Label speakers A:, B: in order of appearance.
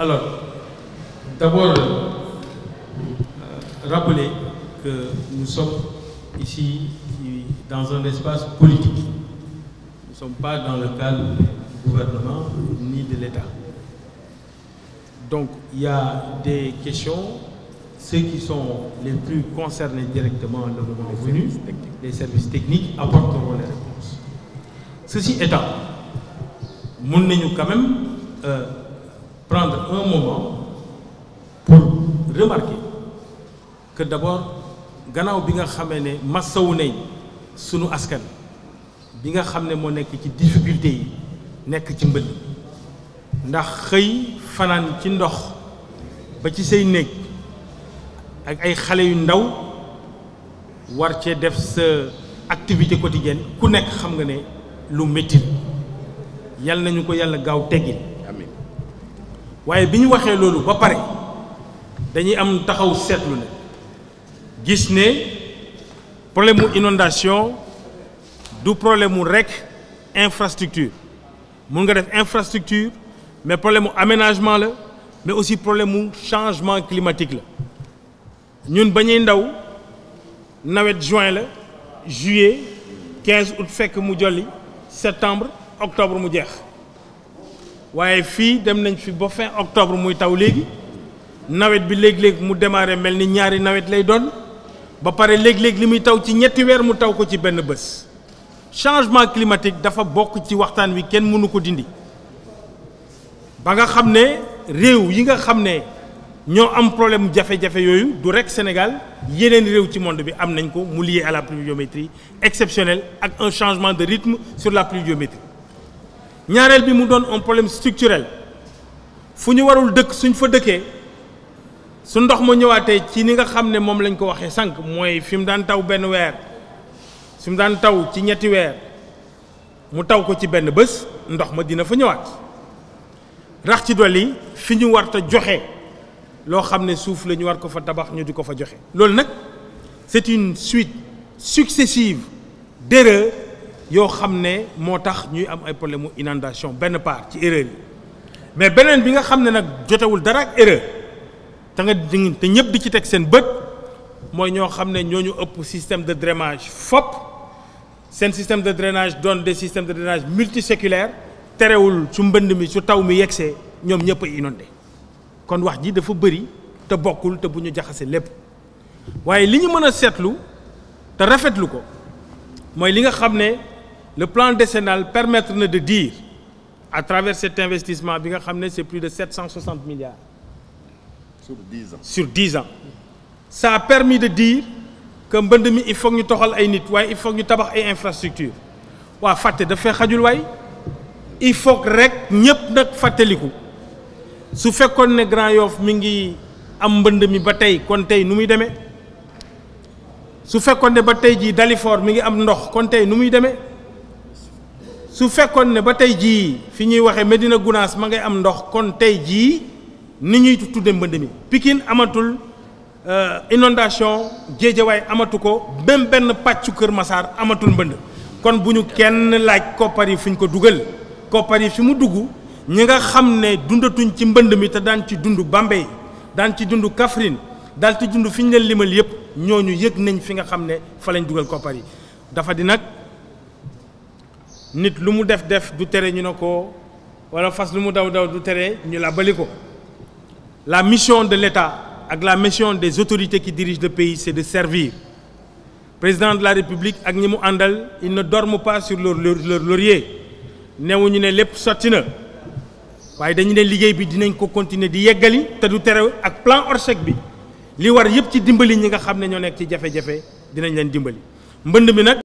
A: Alors, d'abord, euh, rappeler que nous sommes ici dans un espace politique. ne sommes pas dans le cadre du gouvernement ni de l'État. Donc, il y a des questions, ceux qui sont les plus concernés directement le moment venu, les services techniques apporteront les réponses. Ceci étant, nous quand même... Euh, prendre un moment pour remarquer que d'abord gannaaw bi nga xamee ne massawu nañ sunu askan bi nga xam ne moo nekk ci difficulté yi nekk ci mbënd ndax xëy fanaan ci ndox ba ci say néeg ak ay xale yu ndaw war cee def sa activité quotidienne ku nekk xam nga ne lu métti yal nañu ko yàlla gaaw teggin waaye bi ñu waxee loolu ba pare dañuy am taxaw seetlu ne gis ne problème mu inondation du problème mu rekk infrastructure mun nga def infrastructure mais problème mu aménagement la mais aussi problème mu changement climatique la ñun bañuy ndaw nawet juin la juillet 15 août fekk mu jolli septembre octobre mu jeex waaye fii dem nañ fi ba fin octobre muy taw léegi nawet bi léeg-léeg mu démarré mel ni ñaari nawet lay doon ba pare léeg-léeg li muy taw ci ñetti weer mu taw ko ci benn bés changement climatique dafa bokk ci waxtaan wi kenn mënu ko dindi ba nga xam ne réew yi nga xam ne ñoo am problème jafe-jafe yooyu du rekk Sénégal yeneen réew ci monde bi am nañ ko mu lié à la pluviométrie exceptionnelle ak un changement de rythme sur la pluviométrie ñaareel bi mu doon un problème structurel fu ñu warul dëkk suñ fa dëkkee su ndox ma ñëwaatee ci ni nga xam ne moom lañ ko waxee sànq mooy fi mu daan taw benn weer fi mu daan taw ci ñetti weer mu taw ko ci benn bés ndox ma dina fa ñëwaat rax ci dolli fi ñu war joxe loo xam ne suuf la ñu war ko fa tabax ñu di ko fa joxe loolu nag c'est une suite successive d'erreurs yoo xam ne moo tax ñuy am ay problème mu inondation benn part ci erreur yi mais beneen bi nga xam ne nag jotewul dara ak erreur te nga te ñëpp di ci teg seen bët mooy ñoo xam ne ñoo ñu ëpp système de drainage fop seen système de drainage doon des systèmes de drainage multiséculaires terewul su mbënd mi su taw mi yegsee ñoom ñëpp a inondé kon wax ji dafa bëri te bokkul te bu ñu jaxasee lépp waaye li ñu mën a seetlu te rafetlu ko mooy li nga xam ne. le plan de décennal permettre na de dire à travers cet investissement bi nga xam ne c'est plus de 760 milliards sur 10 ans sur 10 ans ça a permis de dire que mbënd mi il faut ñu toxal ay nit waaye il faut ñu tabax ay infrastructure waa fàtte dafay xajul waay il faut rek ñépp nag fàttaliku su fekkoon ne Grand Yoff mi ngi am mbënd mi ba tey kon tey nu muy demee su fekkoon ne ba tey jii dalifor mi ngi am ndox kon tey nu muy demee su fekkoon ne ba tey jii fi ñuy waxee Medina Gunaas ma ngay am ndox kon tey jii ni ñuy tudde mbënd mi Pikine amatul euh, inondation Géejawaay amatu ko benn benn pàccu Kër Masaar amatul mbënd kon bu ñu kenn laaj koppar yi fu ñu ko dugal koppar yi fi mu dugg ñi nga xam ne dundatuñ ci mbënd mi te daan ci dund Bambey daan ci dund Kaffrine daal ci dund fi ñu leen limal yëpp ñooñu yëg nañ fi nga xam ne fa lañ dugal koppar yi dafa di nag nit lu mu def def du tere ñu ne ko wala fas lu mu daw daw du tere ñu la bali ko la mission de l'État ak la mission des autorités qui dirigent le pays c'est de servir président de la République ak ñi mu àndal ils ne dorment pas sur leur leur laurier ñu ne lépp sotti na waaye dañu ne liggéey bi dinañ ko continuer di yeggali te du tere ak plan Orsec bi li war yëpp ci dimbali ñi nga xam ne ñoo nekk ci jafe-jafe dinañ leen dimbali mbënn mi nag